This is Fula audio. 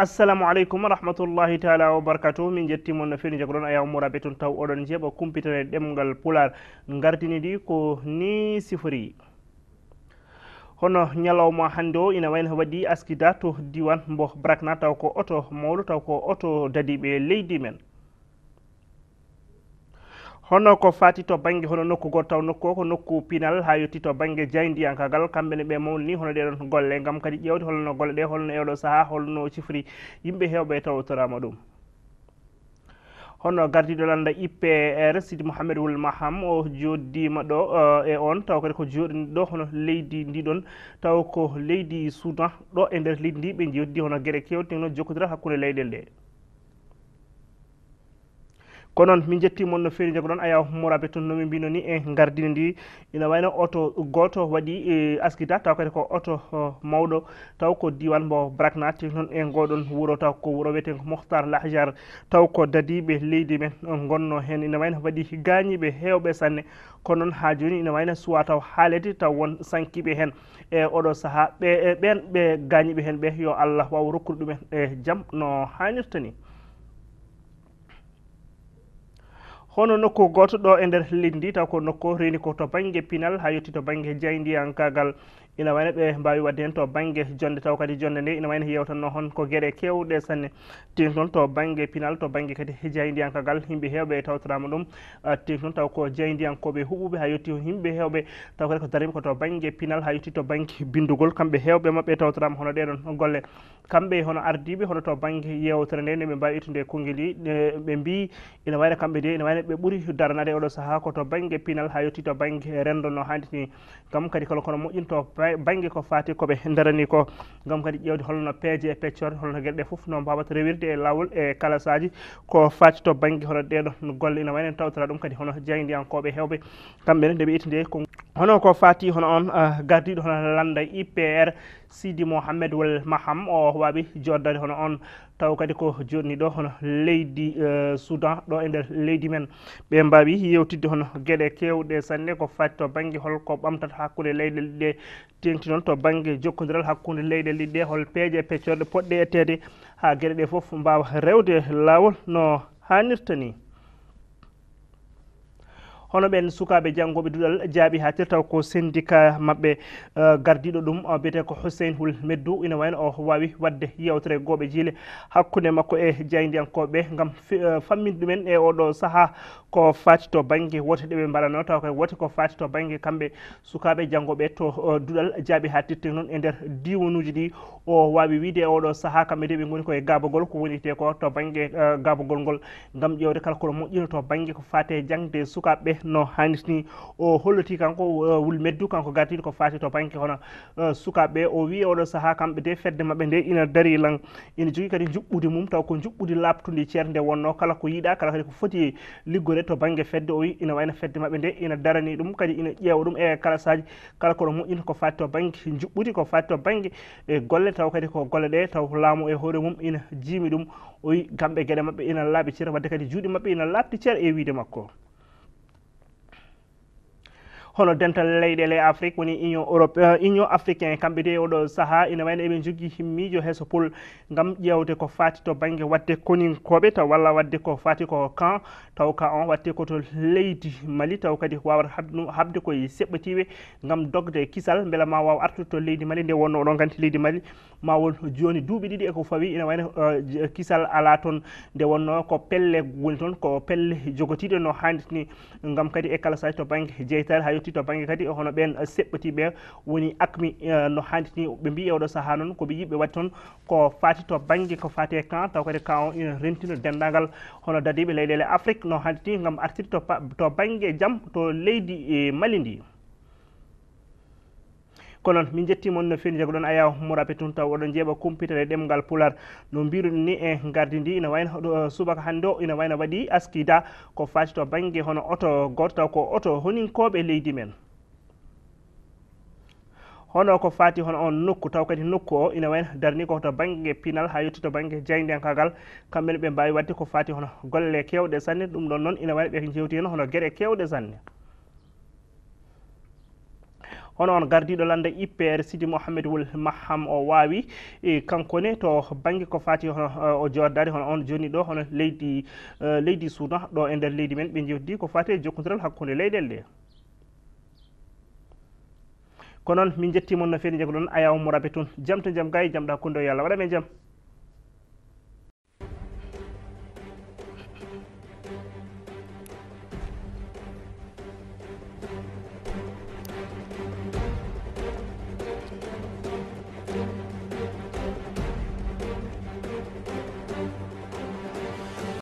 assalamu aleykum rahmatullahi taala wabarakatuh min jettimon no feewni jaggoɗon a yawmoraɓe toon taw oɗon jeeɓa kumpitane ɗemgal pular gardini ɗi ko ni sifori hono ñalawma hannde o ina wayno waɗi askida to diwan mbo brakna taw ko oto mawɗo taw ko oto dadiɓe leydi men hono ko fati to banggue hono nokku goto taw nokku o ko nokku pinal ha yetti to banggue diaydiyankagal kamɓene ɓe mawni ni hono ɗeɗon golle gam kadi ƴewde holno golle ɗe holno ewɗo saaha holno sifori yimɓe hewɓe tawtorama ɗum hono gardiɗo landa ipr sidi mouhamadou wul maham o joddima ɗo e on taw kadi ko joɗini ɗo hono leydi ndiɗon taw ko leydi soudan ɗo e nder leydi ndi ɓe jewtidi hono gueɗe kewtinon jokkodira hakkude leyɗel ɗe ko noon min jettimon no feeri jogo ɗon aya humoraɓe toon nomin mbino ni e gardini ndi ina wayno oto goto waɗi e askita taw kadi ko oto mawɗo taw ko diwan mbo brakna atti noon e goɗon wuuro taw ko wuuro wiyete mohtar lahjar taw ko dadiɓe leydi men e gonno hen ina wayno waɗi gañiɓe hewɓe sanne kono noon ha joni ina wayno suwa taw haalede taw won sankiɓe hen e oɗo saaha ɓe e ɓen ɓe gañiɓe hen ɓe yo allah waw rokkude ɗumen e jaam no hannirta ni hono nokku gotoɗo e nder lindi taw ko nokku reni ko to banggue pinal ha yetti to banggue jeyndiyankagal ina wayno ɓe mbawi wadde hen to banggue jonde taw kadi jonde nde ina wayno yewtanno hon ko gueɗe kewɗe sanne tin toon to banggue pinal to banggue kadi jeyndiyankagal yimɓe hewɓe tawtorama ɗum tin ah, toon taw ko jeyndiyankoɓe huɓuɓe ha yetti yimɓe hewɓe taw kadi ko darima ko banggue pinal ha yetti to banggue bindugol kamɓe hewɓe mabɓe tawtorama hono ɗeɗon golle kamɓe hono ardiɓe hono to banggue yewtere nde nde ɓe mbawi ittude kongeli ɓe mbi ina wayno kamɓe de ina wayno ɓe ɓuuri daranade oɗo saaha koto to banggue pinal ha yetti to banggue rendo no hanniti kam kadi kala kono moƴƴinto banggue ko fati koɓe darani ko gam kadi ƴewde holno peeje e peccor holno gueɗe ɗe foof no mbawata rewirde e lawol e kalasaji ko fati to banggue hono ɗeɗo golle ina wayno tawtora ɗum kadi hono jeydiyankoɓe hewɓe kamɓene ndeɓe ittide ko hono ko fati hono on uh, gardiɗo hono landa ipr sidi mohammed wal maham o waɓi joddade hono on taw kadi ko joni ɗo hono leydi uh, soudan ɗo e nder leydi men ɓe mbawi yewtidde hono gueɗe kewɗe sanne ko fati to banggue holko ɓamtata hakkude leyɗe liɗɗe tenti noon to banggue jokkodiral hakkude leyɗe liɗɗe hol peeje e peccorɗe poɗɗe ettede ha gueɗe ɗe foof mbawa rewde lawol no hannirta ni hono ɓen sukaɓe janggoɓe duɗal jaaɓi ha tirtaw ko syndicat mabɓe gardiɗo ɗum biyete ko hussein hul meddou ina wayno o wawi wadde yewtere goɓe jiile hakkude makko e jayndiyankoɓe gam fammin ɗumen e oɗo saaha ko fati to banggue wote ɗeɓe mbaɗano taw koye wote ko fati to banggue kamɓe sukaɓe janggoɓe to duɗal jaaɓi ha tirtir noon e nder diwanuji ɗi o wawi wiide e oɗo saaha kamɓe de ɓe goni koye gabogol ko wonite ko to banggue gabogol ngol gam ƴewde kala kono moƴƴino to banggue ko fate jangde sukaɓeɓe no hanis ni o holloti kanko wul meddu kanko gardiɗo ko fati to banke hono sukaɓeɓe o wi oɗo saaha kamɓe de fedde mabɓe nde ina dari lan ina jogui kadi juɓɓudi mum taw ko juɓɓudi labtude ceernde wonno kala ko yiiɗa kala kadi ko foti liggode to banggue fedde o wi ina wayno fedde mabɓe nde ina darani ɗum kadi ina ƴeewa ɗum e kala saji kala kono moƴƴinta ko fati to banggue juɓɓudi ko fati to banggue e golle taw kadi ko golle ɗe taw laamu e hoore mum ina jiimi ɗum o wi kamɓe gueɗe mabɓe ina laaɓi ceer wadde kadi juuɗe mabɓe ina labti ceer e wiide makko hono dental leyɗele afrique woni union européen euh, union africain kamɓe de oɗo saaha ina wayno eɓe jogui himmijo heeso pol gam ƴewde ko fati to banggue wadde koninkoɓe taw walla wadde ko fati ko camp taw ka on watte koto leydi mali taw kadi wawata haddu habde koye seɓɓatiɓe gam dogde kisal beela ma waw artude to leydi mali nde wonno oɗon ganti leydi mali ma won joni duuɓi ɗiɗi eko fawi ina wayno euh, kisal ala toon nde wonno ko pelle woni toon ko pelle jogotiɗe no handitini gam kadi e kala sahi to banggue jeytare ha yetti hefti to banggue kadi hono ɓen seɓɓetiɓe woni acmi e, no hannditini ɓe mbi ewɗo saaha noon koɓe yiɓɓe waɗi toon ko fati to banggue ko fati e camp taw kadi camp o ina e, rentino dendagal hono dadiɓe leyɗele afrique no hannditini gam artirto to banggue e jaam to leydi mali ndi kono min jettimon no feewni jago ɗon aya mouraɓe tun taw oɗon jeeɓa kumpitere ɗemgal pular no mbiruɗi ni e gardi ndi ina wayno ɗo subaka hannde o ina wayno waɗi askida ko faati to baŋnge hono oto goto taw ko oto honinkoɓe leydi men hono ko fati hono on nokku taw kadi nokku o ina wayno darni ko to banggue pinal ha yetti to banggue jeyndenkagal kamɓene ɓe mbawi wadde ko fati hono golle kewɗe sanne ɗum ɗon noon ina wayno ɓe jewti hen hono gueɗe kewɗe sanne hono on gardiɗo lande ipr er sidi mouhamed wol maham o wawi e kanko ne to banggue ko fati o joddade hono on joni ɗo hono leydi e, leydi suna ɗo e nder leydi men ɓe jewdi ko fati e jokkodiral hakkude leyɗel nde ko noon min jettimon no feeni jago ɗon ayaw mo rabe toon jaam to jaam gay jamɗa hakkude o yo allah waɗa men jaam